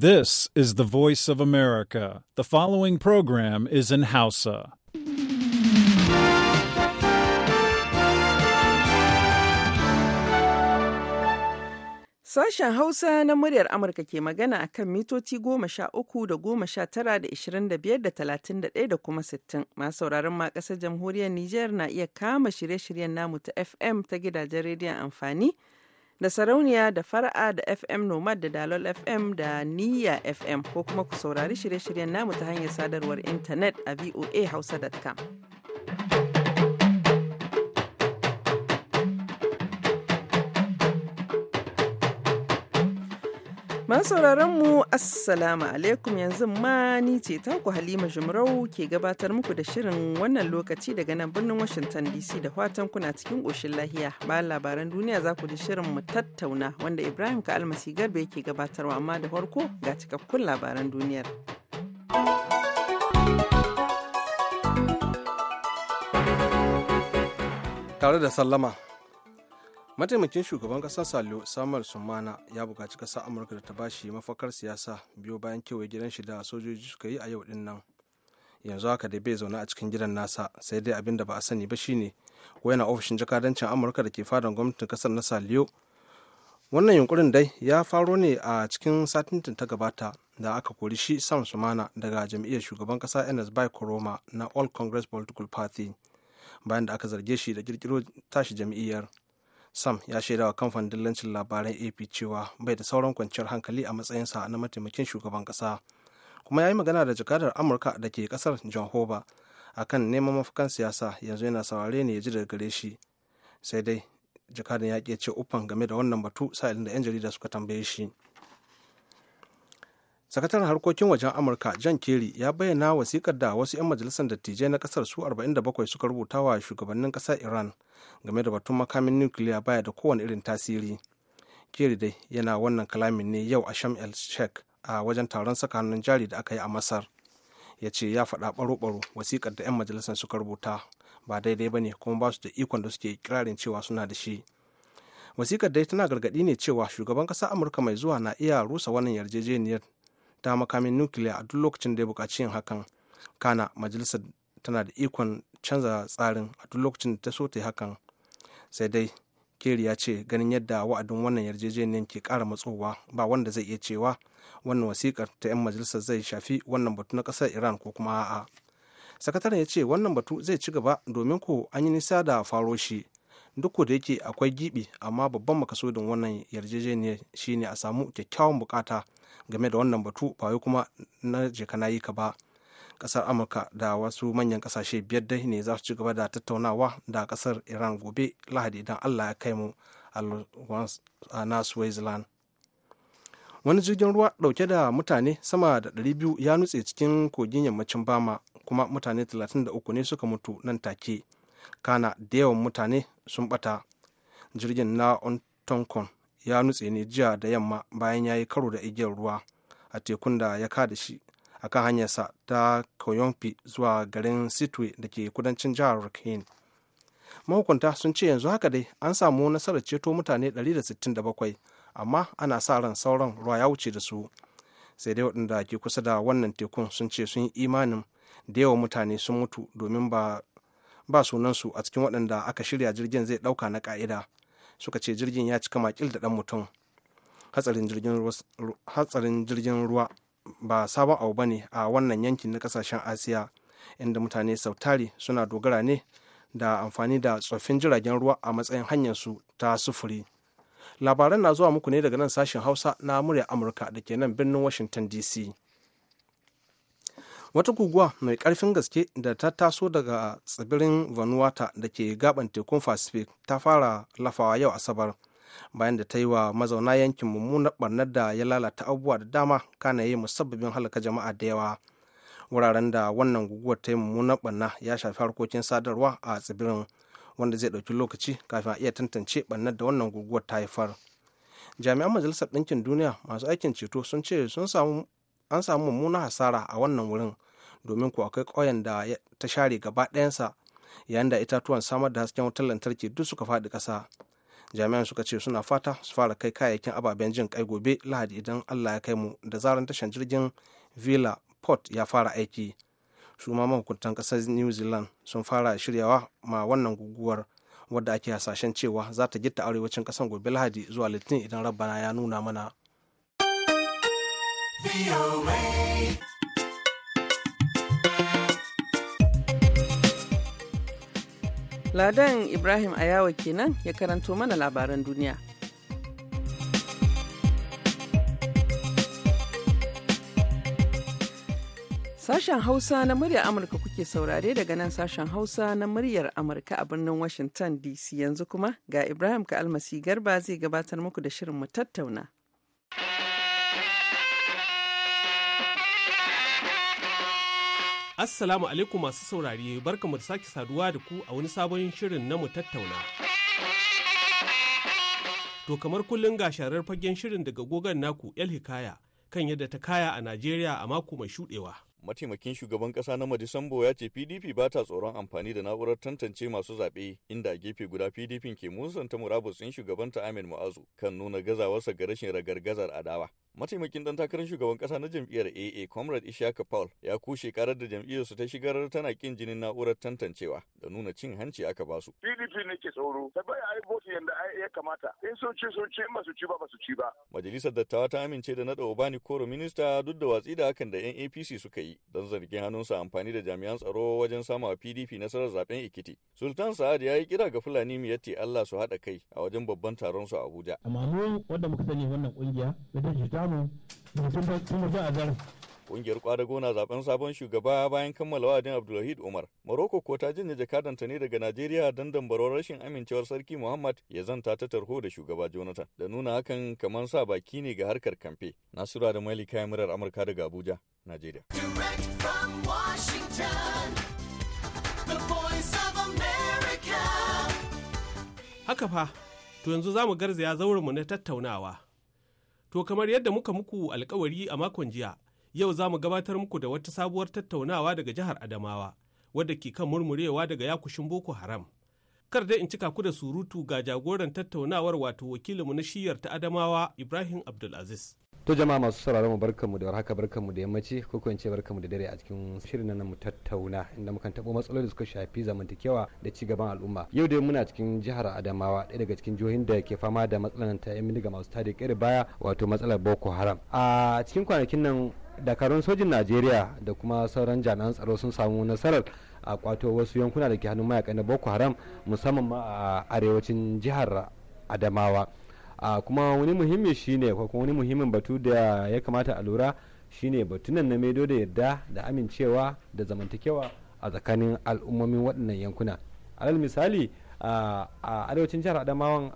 This is the voice of America. The following program is in Hausa. Sashen Hausa na muryar Amurka ke magana a kan mitoci goma sha uku da goma sha tara da ishirin da biyar da talatin da ɗaya da kuma sittin. Masu sauraron ma ƙasar jamhuriyar Nijar na iya kama shirye-shiryen namu ta FM ta gidajen rediyon amfani. da sarauniya da fara'a da fm nomad da dalol fm da niya fm ko kuma ku saurari shirye-shiryen namu ta hanyar sadarwar intanet a voa hausa.com sauraron mu assalamu alaikum yanzu ma ni ce taku halima jumrau ke gabatar muku da shirin wannan lokaci daga nan birnin washington dc da fatan kuna cikin ƙoshin lahiya bayan labaran duniya za ku ji shirin mu tattauna wanda ibrahim ka almasi garba yake gabatarwa amma da farko ga cikakkun labaran duniyar tare da sallama mataimakin shugaban kasa salo samuel sumana ya bukaci ƙasar amurka da ta bashi mafakar siyasa biyo bayan kewaye gidan shi da sojoji suka yi a yau din nan yanzu haka da bai zaune a cikin gidan nasa sai dai abin da ba a sani ba shine ko yana ofishin jakadancin amurka da ke fadan gwamnatin kasar na saliyo wannan yunkurin dai ya faro ne a cikin satin ta gabata da aka kori shi sam sumana daga jam'iyyar shugaban kasa ns by koroma na all congress political party bayan da aka zarge shi da kirkiro tashi jam'iyyar sam ya shaida wa kamfanin dillancin labaran ap cewa bai da sauran kwanciyar hankali a matsayinsa na mataimakin shugaban kasa kuma ya yi magana da jakadar amurka da ke kasar john a kan neman mafakan siyasa yanzu yana saurare ne ya ji daga gare shi sai dai jakadar ya ce uffan game da wannan batu sa'ilin da 'yan jarida suka tambaye shi sakataren harkokin wajen amurka john kerry ya bayyana wasikar da wasu 'yan majalisar dattijai na kasar su 47 suka rubuta wa shugabannin kasar iran game da batun makamin nukiliya baya da kowane irin tasiri kerry dai yana wannan kalamin ne yau a sham el sheikh a wajen taron saka hannun jari da aka yi a masar ya ce ya faɗa baro-baro wasikar da 'yan majalisar suka rubuta ba daidai ba ne kuma ba su da ikon da suke kirarin cewa suna da shi wasikar dai tana gargaɗi ne cewa shugaban ƙasar amurka mai zuwa na iya rusa wannan yarjejeniyar ta makamin nukiliya a duk lokacin da ya buƙaci yin hakan kana majalisar tana da ikon canza tsarin a duk lokacin da ta so ta yi hakan sai dai keri ya ce ganin yadda wa'adin wannan yarjejeniyar ke kara matsowa ba wanda zai iya cewa wannan wasikar ta 'yan majalisar zai shafi wannan batu na kasar iran ko kuma a'a sakataren ya ce wannan batu zai ci gaba domin ko an yi nisa da faro shi duk da yake akwai gibi amma babban makasudin wannan yarjejeniyar shine a samu kyakkyawan bukata game da wannan batu ba wai kuma na je na yi ka ba kasar amurka da wasu manyan kasashe biyar dai ne za su ci gaba da tattaunawa da kasar iran gobe lahadi idan allah ya kai mu na switzerland. wani jirgin ruwa dauke da mutane sama da 200 ya nutse cikin kogin yammacin bama kuma mutane 33 ne suka mutu nan take kana da yawan mutane sun bata jirgin na ontonkon ya nutse ne jiya da yamma bayan ya yi karo da igiyar ruwa a tekun da ya kada shi a kan hanyarsa ta koyonfi zuwa garin sitwe da ke kudancin jihar rakhine mahukunta sun ce yanzu haka dai an samu nasarar ceto mutane 167 amma ana sa ran sauran ruwa ya wuce da su sai dai waɗanda ke kusa da wannan tekun sun ce sun yi imanin da yawa mutane sun mutu domin ba sunansu a cikin waɗanda aka shirya jirgin zai ɗauka na ƙa'ida suka ce jirgin ya cika makil da ɗan mutum hatsarin jirgin ruwa ba sabon abu ba ne a wannan yankin na kasashen asiya inda mutane sautari suna dogara ne da amfani da tsoffin jiragen ruwa a matsayin hanyar su ta sufuri labaran na zuwa muku ne daga nan sashen hausa na murya amurka da ke nan birnin washington dc wata guguwa mai karfin gaske da ta taso daga tsibirin vanuata da ke gaban tekun pacific ta fara lafawa yau asabar bayan da ta yi wa mazauna yankin mummunar barnar da ya lalata abubuwa da dama kana yi musabbabin halaka jama'a da yawa wuraren da wannan guguwar ta yi mummunar barna ya shafi harkokin sadarwa a tsibirin wanda zai ɗauki lokaci kafin a iya tantance barnar da wannan guguwar ta haifar jami'an majalisar ɗinkin duniya masu aikin ceto sun ce sun samu an samu mummunar hasara a wannan wurin domin kuwa akwai ƙauyen da ta share gaba ɗayansa yayin da itatuwan samar da hasken wutar lantarki duk suka faɗi ƙasa jami'an suka ce suna fata su fara kai kayayyakin ababen jin kai gobe lahadi idan allah ya kai mu da zaran tashan jirgin villa port ya fara aiki su ma mahukuntan ƙasar new zealand sun fara shiryawa ma wannan guguwar wadda ake hasashen cewa za ta gita arewacin ƙasar gobe lahadi zuwa litinin idan rabbana ya nuna mana Ladan Ibrahim Ayawa kenan ya karanto mana labaran duniya. Sashen Hausa na muryar Amurka kuke saurare daga nan sashen Hausa na muryar Amurka a birnin Washington DC yanzu kuma ga Ibrahim Ka'almasi Garba zai gabatar muku da shirin mu tattauna. Assalamu alaikum masu saurare barkamu da sake saduwa da ku a wani sabon shirin na mu tattauna. To kamar kullum ga sharar fagen shirin daga gogon naku El Hikaya kan yadda ta kaya a Najeriya a mako mai shudewa. mataimakin shugaban kasa na Madisambo ya ce PDP ba ta tsoron amfani da na'urar tantance masu zaɓe inda a gefe guda PDP ke musanta murabus ɗin shugabanta Ahmed Mu'azu kan nuna gazawarsa ga rashin ragargazar adawa. mataimakin dan takarar shugaban kasa na jam'iyyar AA Comrade Ishaka Paul ya kushe karar da jam'iyyar su ta shigar tana kin jinin na'urar tantancewa da nuna cin hanci aka ba su. PDP ne ke tsoro ta bai ai vote yanda ya kamata in sun ci sun ci in ba ci ba basu ci ba. Majalisar dattawa ta amince da nada Obani Koro minista duk da watsi da hakan da yan APC suka yi dan zargin hannun hannunsa amfani da jami'an tsaro wajen sama PDP nasarar zaben Ikiti. Sultan Sa'ad ya yi kira ga Fulani miyatti Allah su haɗa kai a wajen babban taron su a Abuja. Amma mu wanda muka sani wannan kungiya da ta samu tun da a garin. Kungiyar kwadago na zaben sabon shugaba bayan kammala wa'adin abdulrahid Umar. Morocco ko ta janye jakadanta ne daga Najeriya don dambarwar rashin amincewar Sarki Muhammad ya zanta ta tarho da shugaba Jonathan. Da nuna hakan kamar sa baki ne ga harkar kamfe. Nasura da kayan murar Amurka daga Abuja, Najeriya. Haka fa, to yanzu za mu garzaya zaurinmu na tattaunawa. To kamar yadda muka muku alkawari a makon jiya, yau za mu gabatar muku da wata sabuwar tattaunawa daga jihar Adamawa, wadda ke kan murmurewa daga yakushin Boko Haram. Kar dai in cika ku da surutu ga jagoran tattaunawar wato wakilinmu na shiyar ta Adamawa Ibrahim Abdulaziz. to jama'a masu sauraron mu barkanmu da warhaka barkanmu da yammaci ko ko barkanmu da dare a cikin shirin nan mu tattauna inda muka tabo matsaloli da suka shafi zamantakewa da ci gaban al'umma yau dai muna cikin jihar Adamawa ɗaya daga cikin jihohin da ke fama da matsalar ta yan miniga masu tada kare baya wato matsalar Boko Haram a cikin kwanakin nan dakarun sojin Najeriya da kuma sauran jami'an tsaro sun samu nasarar a kwato wasu yankuna da ke hannun mayakan Boko Haram musamman ma a arewacin jihar Adamawa a kuma wani muhimmi shine ko kuma wani muhimmin batu da ya kamata a lura shine batunan na maido da yarda da amincewa da zamantakewa a tsakanin al'ummomin waɗannan yankuna alal misali a arewacin jihar adamawan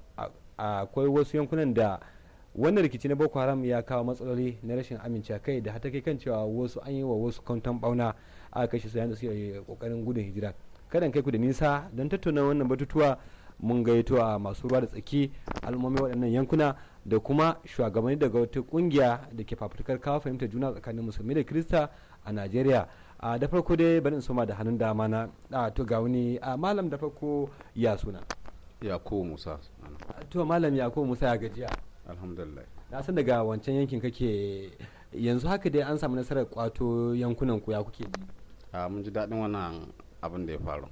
akwai wasu yankunan da wannan rikici na boko haram ya kawo matsaloli na rashin amincewa kai da hata kai kan cewa wasu an yi wa wasu kwanton bauna a kashe su yayin da suke kokarin gudun hijira kadan kai ku da nisa don tattauna wannan batutuwa mun gaito a masu ruwa da tsaki al'ummomi waɗannan yankuna da kuma shugabanni daga wata kungiya da ke fafutukar kawo fahimtar juna tsakanin musulmi da kirista a najeriya a da farko dai bani soma da hannun dama na a to ga wani a malam da farko ya suna yakubu musa to malam ko musa ya gajiya alhamdulillah na san daga wancan yankin kake yanzu haka dai an samu nasarar kwato yankunan ku ya kuke a mun ji daɗin wannan abin da ya faru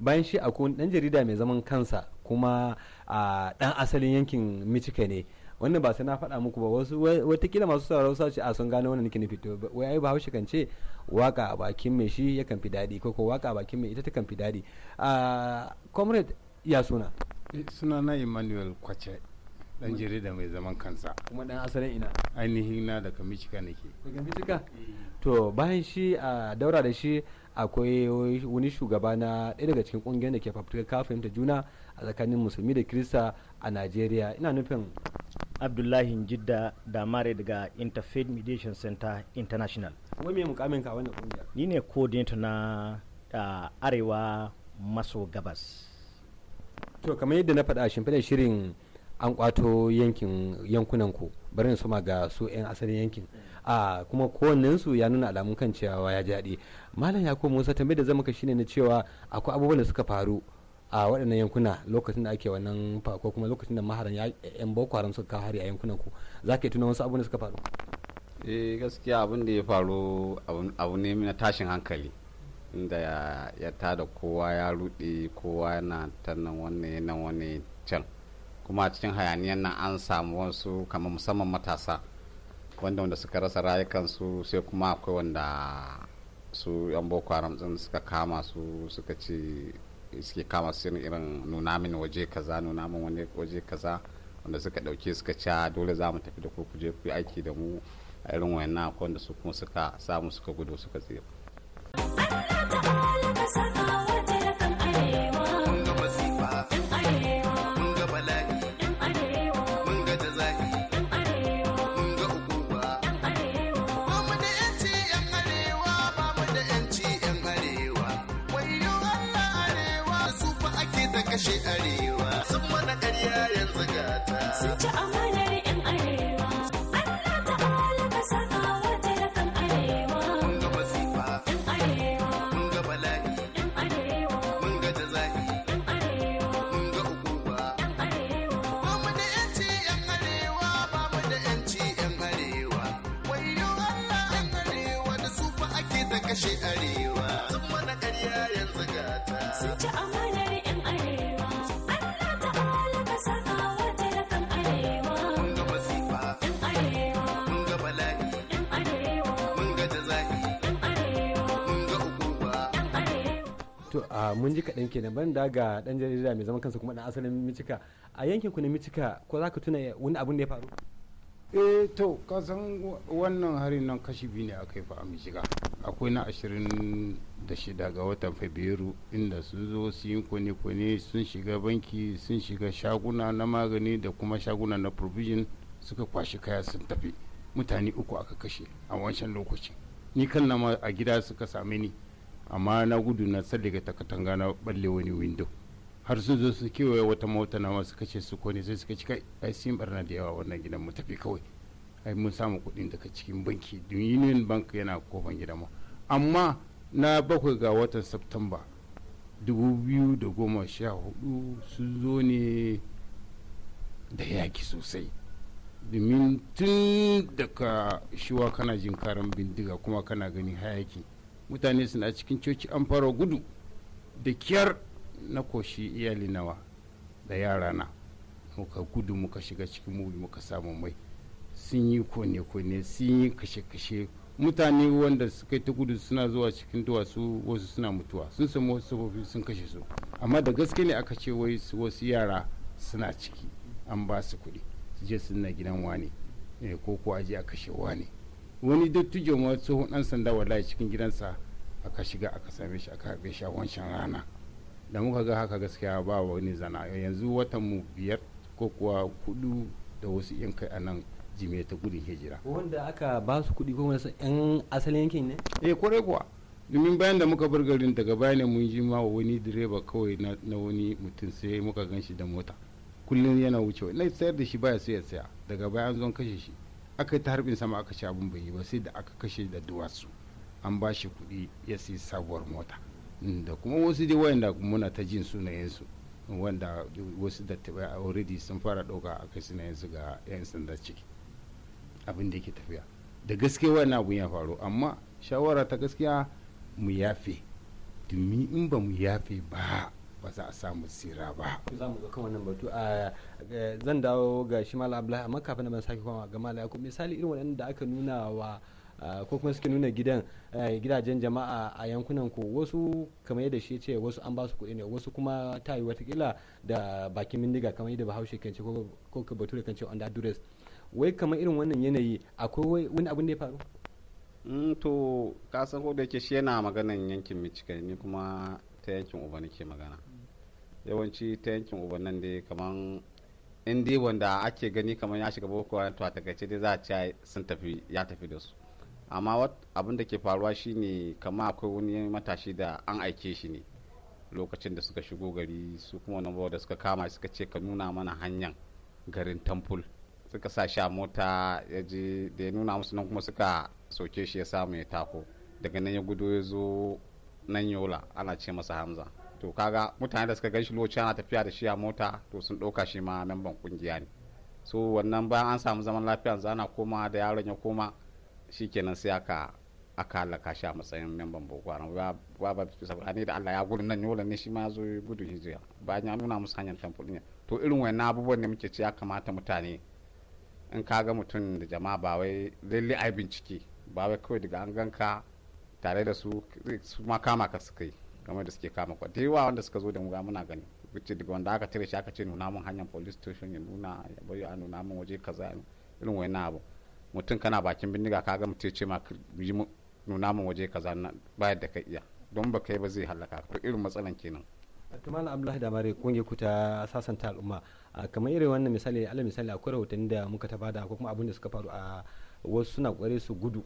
bayan shi akwai dan jarida mai zaman kansa kuma a dan asalin yankin michigan ne wannan ba sai na faɗa muku ba wasu watakila masu sauraro sa ce a sun gano wannan nake nufi to wai ai bahaushe kan ce waka a bakin mai shi yakan fi daɗi ko ko waka a bakin mai ita ta kan fi daɗi a comrade ya suna eh, suna na emmanuel kwace dan jarida mai zaman kansa kuma dan asalin ina ainihin na daga michigan nake daga michigan eh. to bayan shi a daura da shi akwai wani shugaba na ɗaya daga cikin ƙungiyar da ke fafutukar kafin ta juna a tsakanin musulmi da kirista a najeriya ina nufin abdullahi jidda mare daga interfaith mediation center international wai mai mukamin ka wannan ƙungiyar ni ne coordinator na arewa maso gabas to kamar yadda na faɗa shimfiɗar shirin an kwato yankin ku barin suma ga su 'yan asalin yankin a kuma kowannensu ya nuna alamun kan cewa ya jaɗe malam ya musa tambayar da zama ka shine na cewa akwai abubuwan da suka faru a waɗannan yankuna lokacin da ake wannan ko kuma lokacin da maharan yan boko haram suka kawo hari a yankunan ku za ka tuna wasu abubuwan da suka faru eh gaskiya abin da ya faru abu ne na tashin hankali inda ya tada kowa ya ruɗe kowa yana ta nan wannan nan wani can kuma a cikin hayaniyan nan an samu wasu kamar musamman matasa wanda wanda suka rasa rayukansu sai kuma akwai wanda su yan boko haram din suka kama su suka ce suke kama su irin nuna min waje kaza nuna min wani waje kaza wanda suka dauke suka ca ah, dole za mu tafi da ku kuje ku aiki da mu a irin wayannan akwai wanda su kuma suka samu suka gudu suka tsira kashe arewa sun mana ƙarya yanzu gata sun ci amanar yan arewa Allah ta'ala ka saka wa kan arewa mun ga masifa yan arewa mun ga bala'i yan arewa mun ga jaza'i yan arewa mun ga ukuba yan arewa to a mun ji kaɗan kenan ban da ga ɗan jarida mai zaman kansa kuma ɗan asalin micika a yankin ku na micika ko za ka tuna wani abin da ya faru e to ka san wannan harin nan kashi biyu ne aka yi fa amijiga akwai na ashirin da shida ga watan fabrairu inda sun zo su yi kone-kone sun shiga banki sun shiga shaguna na magani da kuma shaguna na provision suka kwashi kaya sun tafi mutane uku aka kashe a wancan lokacin ni kan nama a gida suka same ni amma na gudu na tsalle ga takatanga na balle wani window har sun zo su kewaye wata mota na masu kace su ko ne sai suka cika ai sun barna da yawa wannan gidan mu tafi kawai ai mun samu kuɗin daga cikin banki union bank yana kofan gidan mu amma na bakwai ga watan september 2014 sun zo ne da yaki sosai domin tun daga shiwa kana jin karan bindiga kuma kana gani hayaki mutane suna cikin coci an fara gudu da kyar na koshi iyali nawa da yara na muka gudu muka shiga cikin mubi muka samu mai sun yi kone-kone sun yi kashe-kashe mutane wanda suka ta gudu suna zuwa cikin duwatsu wasu suna mutuwa sun samu wasu sabobi sun kashe su amma da gaske ne aka ce wai wasu yara suna ciki an ba su kuɗi su je suna gidan wane eh, ko ko aje a kashe wane wani dattijo ma tsohon ɗan sanda wallahi cikin gidansa aka shiga aka same shi aka harbe shi a wancan rana da muka ga haka gaskiya ba wani zana yanzu watan mu biyar ko kuwa kudu da wasu yan kai a nan jime ta gudun hijira wanda aka ba su kuɗi ko wasu yan asalin yankin ne eh kore kuwa domin bayan da muka bar garin daga baya ne mun ji ma wani direba kawai na wani mutum sai muka gan shi da mota kullum yana wucewa na sayar da shi baya sai ya saya daga bayan an kashe shi aka ta harbin sama aka sha abin bai yi ba sai da aka kashe da duwatsu an ba shi kuɗi ya sai sabuwar mota Mm, da kuma wasu dai wayanda muna ta jin sunayensu wanda wasu da already sun fara ɗauka a kai sunayensu ga 'yan sanda ciki abin da yake tafiya da gaske wannan abun ya faru amma shawara ta gaskiya mu yafe domin in ba mu yafe ba ba za a samu tsira ba. za mu ga kan wannan batu a eh, zan dawo ga shi malam abdullahi amma kafin da ban sake koma ga malam yakub misali irin waɗanda da aka nuna wa ko kuma suke nuna gidan gidajen jama'a a yankunan ko wasu kamar yadda shi ce wasu an ba su kuɗi ne wasu kuma ta yi watakila da bakin mindiga kamar yadda bahaushe kan ce ko ka bature kan ce under duress wai kamar irin wannan yanayi akwai wani abin da ya faru mm, to ka san ko da yake shi yana maganan yankin michigan ni kuma ta yankin uba nake magana yawanci ta yankin uba nan dai kamar in dai wanda ake gani kamar ya shiga boko to a takaice dai za a ce sun tafi ya tafi da su amma abin da ke faruwa shine kama akwai wani matashi da an aike shi ne lokacin da suka shigo gari su kuma wani da suka kama suka ce ka nuna mana hanyar garin tamful suka sa shi a mota ya je da ya nuna musu nan kuma suka soke shi ya samu ya tako daga nan ya gudo ya zo nan yola ana ce masa hamza to kaga mutane da suka gan shi lokacin ana tafiya da shi a mota to sun ɗauka shi ma nan ban kungiya ne so wannan bayan an samu zaman lafiya zana koma da yaron ya koma shikenan sai aka aka halaka shi a matsayin memban boko haram ba ba sabani da Allah ya gudu nan yola ne shi ma zo gudu hijira bayan ya nuna musu hanyar ne to irin wayan abubuwan ne muke ce ya kamata mutane in ka ga mutum da jama'a ba wai lalle ai bincike ba wai kawai daga an ganka tare da su su ma kama ka su yi game da suke kama kwa da wanda suka zo da muga muna gani wuce daga wanda aka tare shi aka ce nuna mun hanyar police station ya nuna ya bayyana a nuna mun waje kaza irin wayan abu mutum kana bakin bindiga ka ga mutum ce ma yi nuna mu waje kaza bayar da ka iya don ba kai ba zai halaka ko irin matsalan kenan Tumana abdullahi da bare kungiyar ku ta sasanta al'umma kamar irin wannan misali ala misali akwai rahotanni da muka ta bada ko kuma abin da suka faru a wasu suna kware su gudu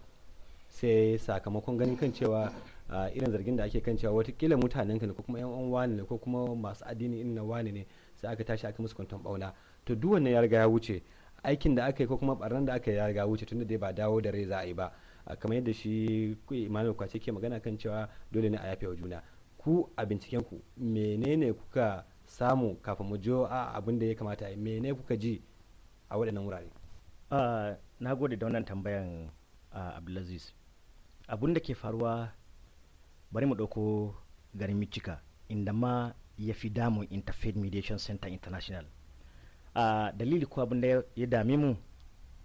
sai sakamakon ganin kan cewa irin zargin da ake kan cewa watakila mutanen ka ne ko kuma yan uwa ne ko kuma masu addini irin na wani ne sai aka tashi aka musu kwanton bauna to duk wannan ya riga ya wuce aikin da aka yi ko kuma barnan da aka yi ya wuce tunda dai ba dawo da rai za a yi ba kamar yadda shi imanin kwace ke magana kan cewa dole ne a yafe wa juna ku a binciken ku menene kuka samu kafin mu jo a abin da ya kamata yi menene kuka ji a waɗannan wurare na gode da wannan tambayan abdulaziz abun da ke faruwa bari mu ɗauko garin michika inda ma ya fi damun interfaith mediation center international a dalili ko abin da ya dame mu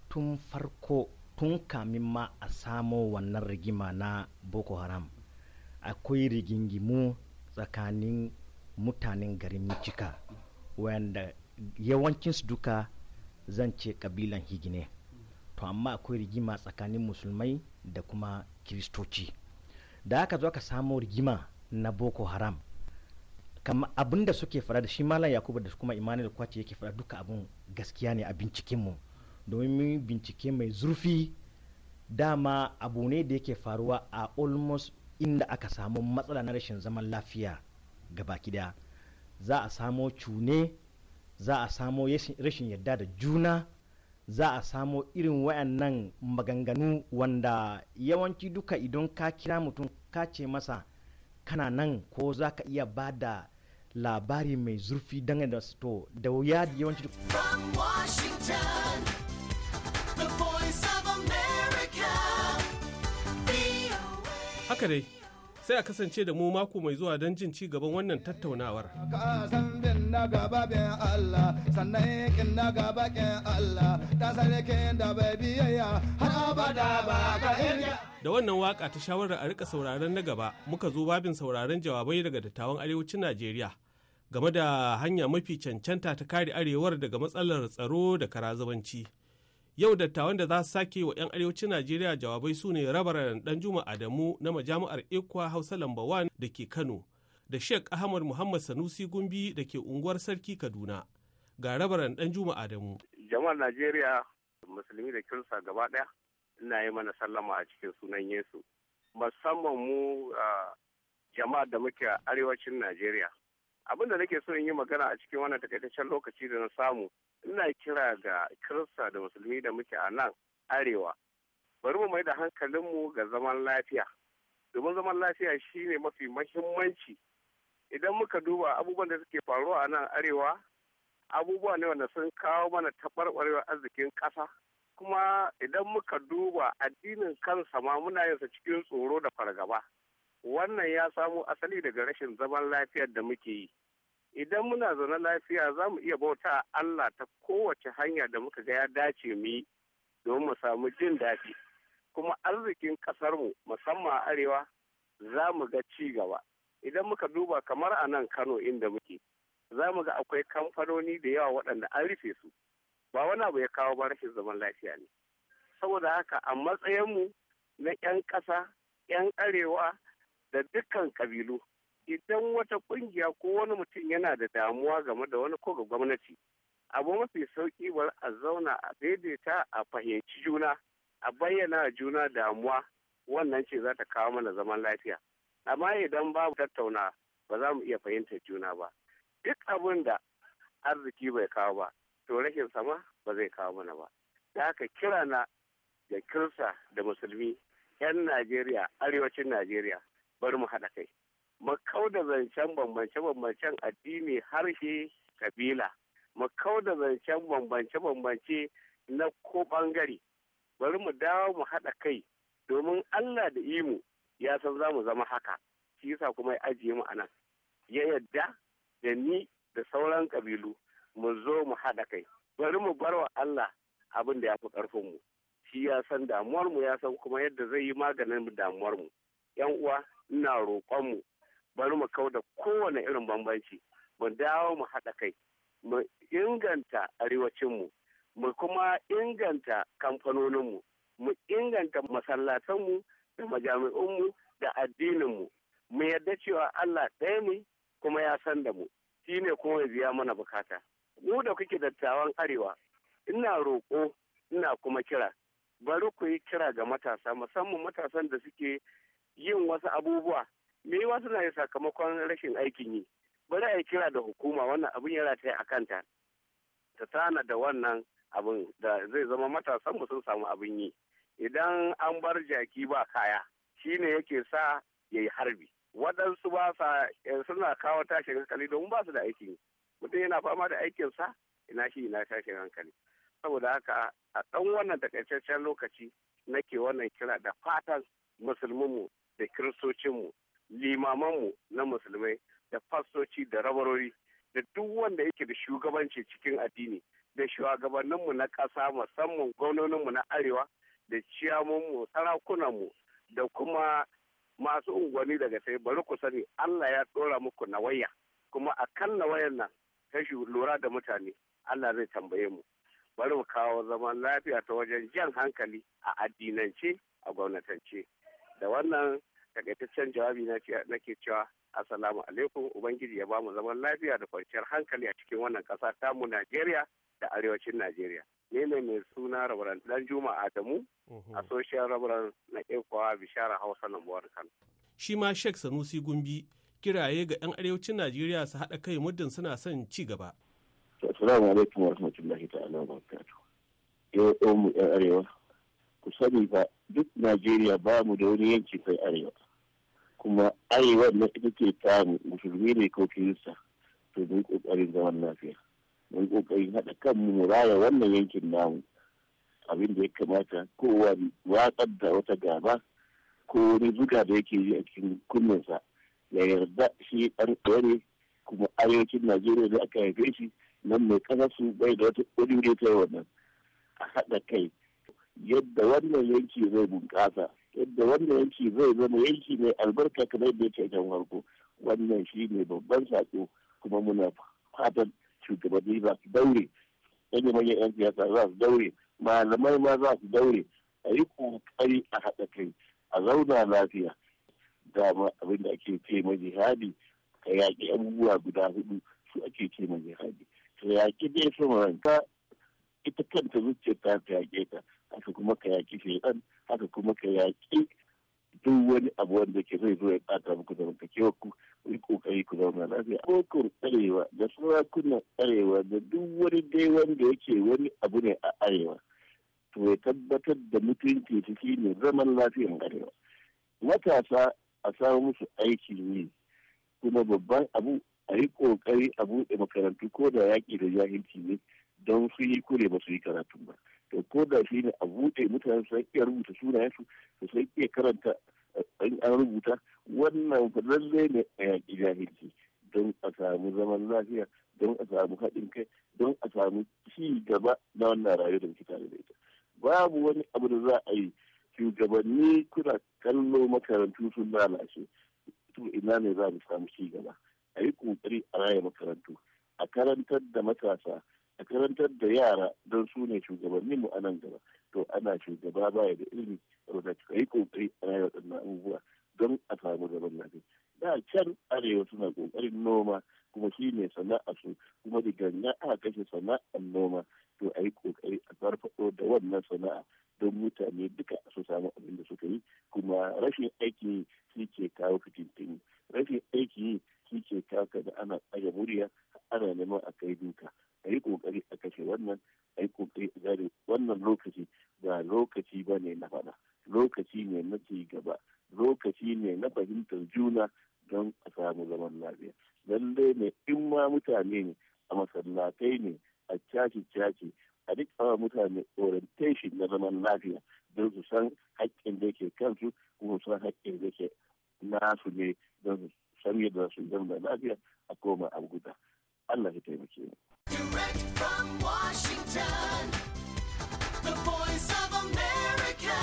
tun farko tun kamin ma a samo wannan rigima na boko haram akwai rigingimu tsakanin mutanen garin micika wanda yawancinsu duka zan ce kabilan higine to amma akwai rigima tsakanin musulmai da kuma kiristoci da aka zo ka samo rigima na boko haram kamar abin da suke fara da shi malam yakubu da kuma da kwace yake fara duka abin gaskiya ne a bincikenmu domin bincike mai zurfi dama abu ne da yake faruwa a almost inda aka samu matsala na rashin zaman lafiya gaba daya za a samo cune za a samo rashin yadda da juna za a samo irin wayannan maganganu wanda yawanci duka idan ka kira mutum ka ce masa kana nan ko za ka iya ba da labari mai zurfi dangane da su to da wuya da yawanci haka dai sai a kasance da mu mako mai zuwa don jin ci gaban wannan tattaunawar. Da wannan waka ta shawarar a rika sauraron na gaba muka zo babin sauraron jawabai daga dattawan arewacin Najeriya game da hanya mafi cancanta ta kare arewar daga matsalar tsaro da karazabanci. Yau dattawan da za su sake wa 'yan arewacin Najeriya jawabai su ne dan juma Adamu na majami'ar Ikwa Hausa Lamba 1 da ke Kano da Sheikh Ahmad Muhammad Sanusi Gumbi da ke unguwar Sarki Kaduna. Ga dan juma Adamu. Jama'ar Najeriya musulmi da Kirsa gaba ɗaya ina yi mana sallama a cikin sunan Yesu. Musamman mu ah, jama'a da muke arewacin Najeriya. abin da nake so in yi magana a cikin wannan takaitaccen lokaci da na samu ina kira ga kirista da musulmi da muke a nan arewa bari mu mai da hankalinmu ga zaman lafiya domin zaman lafiya shine mafi mahimmanci idan muka duba abubuwan da suke faruwa a nan arewa abubuwa ne wanda sun kawo mana taɓarɓarewar arzikin ƙasa kuma idan muka duba addinin kansa ma muna yinsa cikin tsoro da fargaba wannan ya samo asali daga rashin zaman lafiyar da muke yi idan muna zaune lafiya za mu iya bauta Allah ta kowace hanya da muka ga ya dace mu yi domin mu samu jin daɗi kuma arzikin ƙasarmu musamman a arewa za mu ga ci gaba idan muka duba kamar a nan kano inda muke za mu ga akwai kamfanoni da yawa waɗanda an rufe su ba wani abu ya kawo ba rashin zaman lafiya ne saboda haka a matsayinmu na 'yan ƙasa 'yan arewa da dukkan kabilu idan wata kungiya ko wani mutum yana da damuwa game da wani ko ga gwamnati abu mafi sauki bar a zauna a daidaita a fahimci juna a bayyana juna damuwa wannan ce za ta kawo mana zaman lafiya amma idan babu tattauna ba za mu iya fahimtar juna ba duk abin da arziki bai kawo ba to rashin sama ba zai kawo mana ba da haka kira na da kirsa da musulmi 'yan najeriya arewacin najeriya bari mu haɗa kai mu da zancen bambance-bambancen addini harshe kabila mu da zancen bambance-bambance na ko ɓangare bari mu dawo mu haɗa kai domin allah da imu ya san za mu zama haka shi yasa kuma ya ajiye mu anan ya yadda da ni da sauran kabilu mu zo mu haɗa kai bari mu bar wa Allah abin da ya fi ƙarfin shi ya san damuwar ya san kuma yadda zai yi maganin damuwarmu yan uwa ina roƙon mu bari mu kau da kowane irin bambanci mu dawo mu haɗa kai mu inganta arewacinmu mu kuma inganta kamfanoninmu mu inganta masallatanmu da majami'unmu da addininmu mu yadda cewa Allah ɗaya ne kuma ya san da mu shi ne kuma ya biya mana bukata mu da kuke dattawan arewa ina roƙo ina kuma kira bari ku yi kira ga matasa musamman matasan da suke yin wasu abubuwa me suna yin sakamakon rashin aikin yi bari a yi kira da hukuma wannan abin ya rataya a kanta ta tana da wannan abin da zai zama matasan mu sun samu abin yi idan an bar jaki ba kaya shi ne yake sa ya yi harbi waɗansu ba sa eh, suna kawo tashin hankali domin ba su da aikin yi. mutum yana fama da aikinsa ina shi ina tashin hankali saboda haka a ɗan wannan takaitaccen lokaci nake wannan kira da fatan mu da kiristocinmu limamanmu na musulmai da fastoci da rabarori da duk wanda yake da shugabanci cikin addini da shugabanninmu na ƙasa musamman gwamnoninmu na arewa da ciyamunmu sarakunanmu da kuma masu unguwanni daga sai bari ku sani Allah ya ɗora muku nawaya kuma a kan nawayan nan kashi lura da mutane Allah zai tambaye mu bari mu kawo zaman lafiya ta wajen jan hankali a addinance a gwamnatance da wannan takaitaccen jawabi na nake cewa asalamu alaikum ubangiji ya bamu zaman lafiya da kwanciyar hankali a cikin wannan ƙasa tamu najeriya da arewacin najeriya ne ne mai suna rabaran dan juma adamu a social rabaran na ikowa bishara hausa na buwar kano shi ma sheikh sanusi gumbi kiraye ga 'yan arewacin najeriya su haɗa kai muddin suna son ci gaba assalamu alaikum wa rahmatullahi ta'ala wa barakatuh yau mu 'yan arewa ku sani ba duk najeriya ba mu da wani yanki sai arewa kuma arewa na ita ke tamu musulmi ne ko kirista to mun kokarin zaman lafiya mun kokarin haɗa kanmu mu raya wannan yankin namu abin da ya kamata kowa watsar da wata gaba ko wani zuga da yake yi a cikin kunnensa ya yarda shi ɗan ne kuma arewacin najeriya da aka haife shi nan mai ƙasa su bai da wata da ta yi wannan a haɗa kai yadda wannan yanki zai bunƙasa yadda wannan yanki zai zama yanki mai albarka kamar yadda ya can farko wannan shi ne babban saƙo kuma muna fatan shugabanni za su daure yan manyan yan siyasa za su daure malamai ma za su daure a yi ƙoƙari a haɗa kai a zauna lafiya dama abin abinda ake ce ma jihadi ka yaƙi abubuwa guda hudu su ake ce ma jihadi ka yaƙi dai sama ranka ita kanta zuciyar ta yaƙe ta haka kuma ka yaƙi shaidan haka kuma ka yaƙi duk wani abu wanda ke zai zo ya ɓata muku da muka kewa ku yi ƙoƙari ku zauna lafiya. Kokon arewa da sarakunan arewa da duk wani dai wanda yake wani abu ne a arewa. To ya tabbatar da mutunci ciki ne zaman lafiyan arewa. Matasa a samu musu aiki ne kuma babban abu a yi ƙoƙari a buɗe makarantu ko da yaƙi da jahilci ne don su yi kure ba su yi karatu ba. to ko da shi ne a buɗe mutane su iya rubuta sunayensu su sai iya karanta eh, an rubuta wannan lallai ne a yaƙi jahilci don a samu zaman lafiya don a samu haɗin kai don a samu ci gaba na wannan rayuwar da muke tare da ita babu wani abu da za a yi shugabanni kuna kallo makarantu sun lalace to ina ne za mu samu ci gaba a yi ƙoƙari a raya makarantu a karantar da matasa a karantar da yara don su ne shugabannin mu anan gaba to ana shugaba baya da ilimi saboda ka yi kokari a yi waɗannan abubuwa don a samu zaman lafiya da can arewa suna kokarin noma kuma shi ne sana'a su kuma da ganga a kashe sana'ar noma to a yi kokari a farfaɗo da wannan sana'a don mutane duka su samu abin da suka yi kuma rashin aiki shi ke kawo fitintini rashin aiki shi ke kawo da ana tsaye murya ana neman a kai duka a yi kokari a kashe wannan a yi kokari a gane wannan lokaci ba lokaci ba ne na fada lokaci ne na ci gaba lokaci ne na fahimtar juna don a samu zaman lafiya lalle ne in ma mutane ne a masallatai ne a caci caci a duk awa mutane orientation na zaman lafiya don su san haƙƙin da ke kansu kuma san haƙƙin da ke nasu ne don su san yadda su zama lafiya a koma a guda Allah ya taimake mu. Direct from Washington, the voice of America.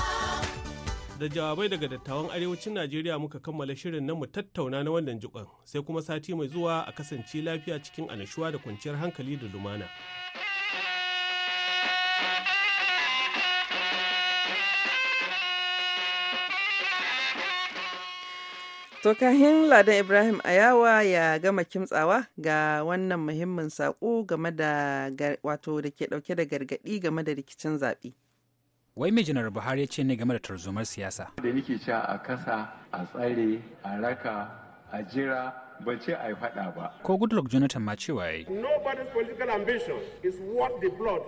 Da jawabai daga dattawan arewacin Najeriya muka kammala shirin na mu tattauna na wannan jikon sai kuma sati mai zuwa a kasance lafiya cikin anashuwa da kwanciyar hankali da lumana. To kahin Ladan Ibrahim Ayawa ya gama kimtsawa ga wannan muhimmin saƙo game da wato da ke dauke da gargadi game da rikicin zaɓe. Wai mai janar Buhari ce ne game da tarzomar siyasa. Da nake cewa a kasa, a tsare, a raka, a jira, ba ce a yi faɗa ba. Ko Goodluck Jonathan ma cewa ya yi. Nobody's political ambition is worth the blood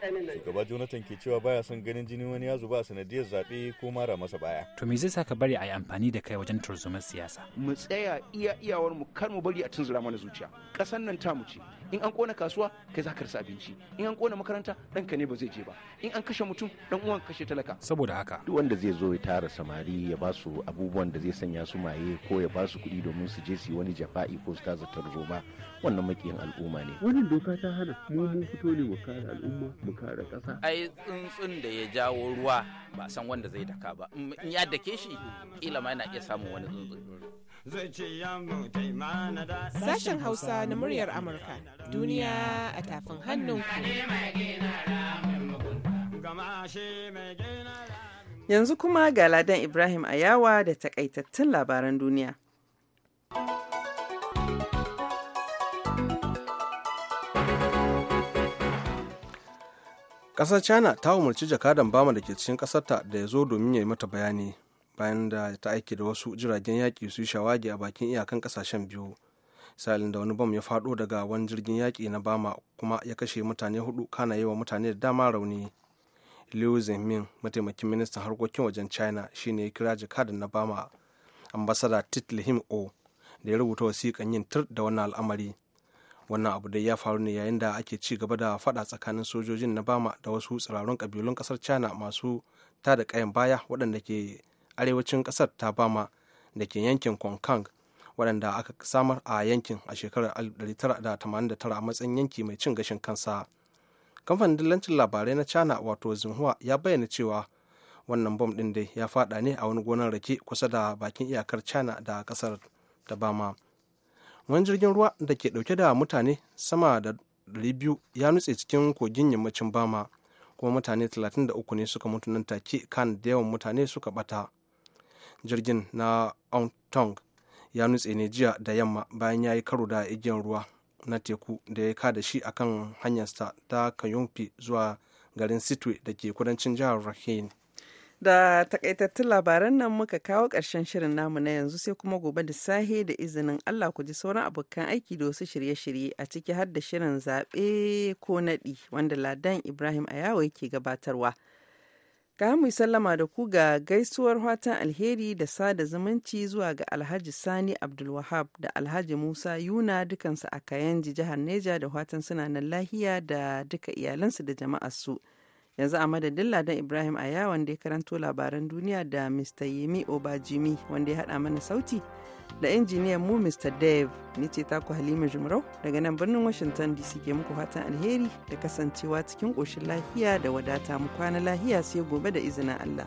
Gaba Jonathan ke cewa baya son ganin jini wani ya zuba a sanadiyar zaɓe ko mara masa baya. To me zai saka bari a yi amfani da kai wajen turzumar siyasa? Mu tsaya iya iyawar mu kar mu bari a tunzura mana zuciya. Ƙasan nan tamu ce. In an kona kasuwa kai za ka rasa abinci. In an kona makaranta ɗanka ne ba zai je ba. In an kashe mutum ɗan uwan kashe talaka. Saboda haka. Duk wanda zai zo ya tara samari ya ba su abubuwan da zai sanya su maye ko ya ba su kuɗi domin su je su yi wani jafa'i ko su taza tarzoma wannan makiyin al'umma ne wannan doka ta hana mu mun fito ne mu kare al'umma mu kare ƙasa ai tsuntsun da ya jawo ruwa ba san wanda zai daka ba in ya dake shi kila ma yana iya samun wani tsuntsun Sashen Hausa na muryar Amurka, duniya a tafin hannun Yanzu kuma ga Ladan Ibrahim Ayawa da takaitattun labaran duniya. kasar china ta umarci jakadan bama da ke cikin kasarta da ya zo domin ya yi mata bayani bayan da ta aiki da wasu jiragen yaƙi su yi shawagi a bakin iyakan kasashen biyu salin da wani bam ya faɗo daga wani jirgin yaƙi na bama kuma ya kashe mutane hudu kana yi wa mutane da dama rauni liu zemin mataimakin ministan harkokin wajen china shine ya kira jakadan na bama ambasada titlihim o da ya rubuta wasiƙan yin tur da wannan al'amari wannan abu dai ya faru ne yayin da ake ci gaba da fada tsakanin sojojin na bama da wasu tsirarun kabilun kasar china masu ta da kayan baya waɗanda ke arewacin kasar ta bama da ke yankin hong kong waɗanda aka samar a yankin a shekarar 1989 a matsayin yanki mai cin gashin kansa kamfanin dillancin labarai na china wato xinhua ya bayyana cewa wannan bom ɗin dai ya fada ne a wani gonar rake kusa da bakin iyakar china da kasar ta bama wani jirgin ruwa da ke dauke da mutane sama da 200 ya nutse cikin kogin yammacin bama kuma mutane 33 ne suka mutu nan take kan da yawan mutane suka bata jirgin na kong ya nutse ne jiya da yamma bayan ya yi karo da igiyar ruwa na teku da ya kada shi akan hanyarsa ta kayomfi zuwa garin sitwe da ke kudancin jihar rakhine Da takaitattun labaran nan muka kawo ƙarshen shirin namu na yanzu sai kuma gobe da sahe da izinin Allah ku ji sauran abokan aiki da wasu shirye-shirye a ciki har da shirin zaɓe ko naɗi wanda Ladan Ibrahim Ayawa yake gabatarwa. Ga mu sallama da ku ga gaisuwar watan alheri da sada zumunci zuwa ga Alhaji Sani Abdulwahab da Alhaji Musa Yuna dukansu a Kayanji jihar Neja da watan suna nan lahiya da duka iyalansu da jama'ar su. yanzu a madadin ladan ibrahim aya wanda ya karanto labaran duniya da mr yemi obajimi wanda ya haɗa mana sauti da injiniyan mu mr dave ni ce taku halima jimarau daga nan birnin washington dc ke muku fatan alheri da kasancewa cikin koshin lafiya da wadata mu kwana lahiya sai gobe da izinin allah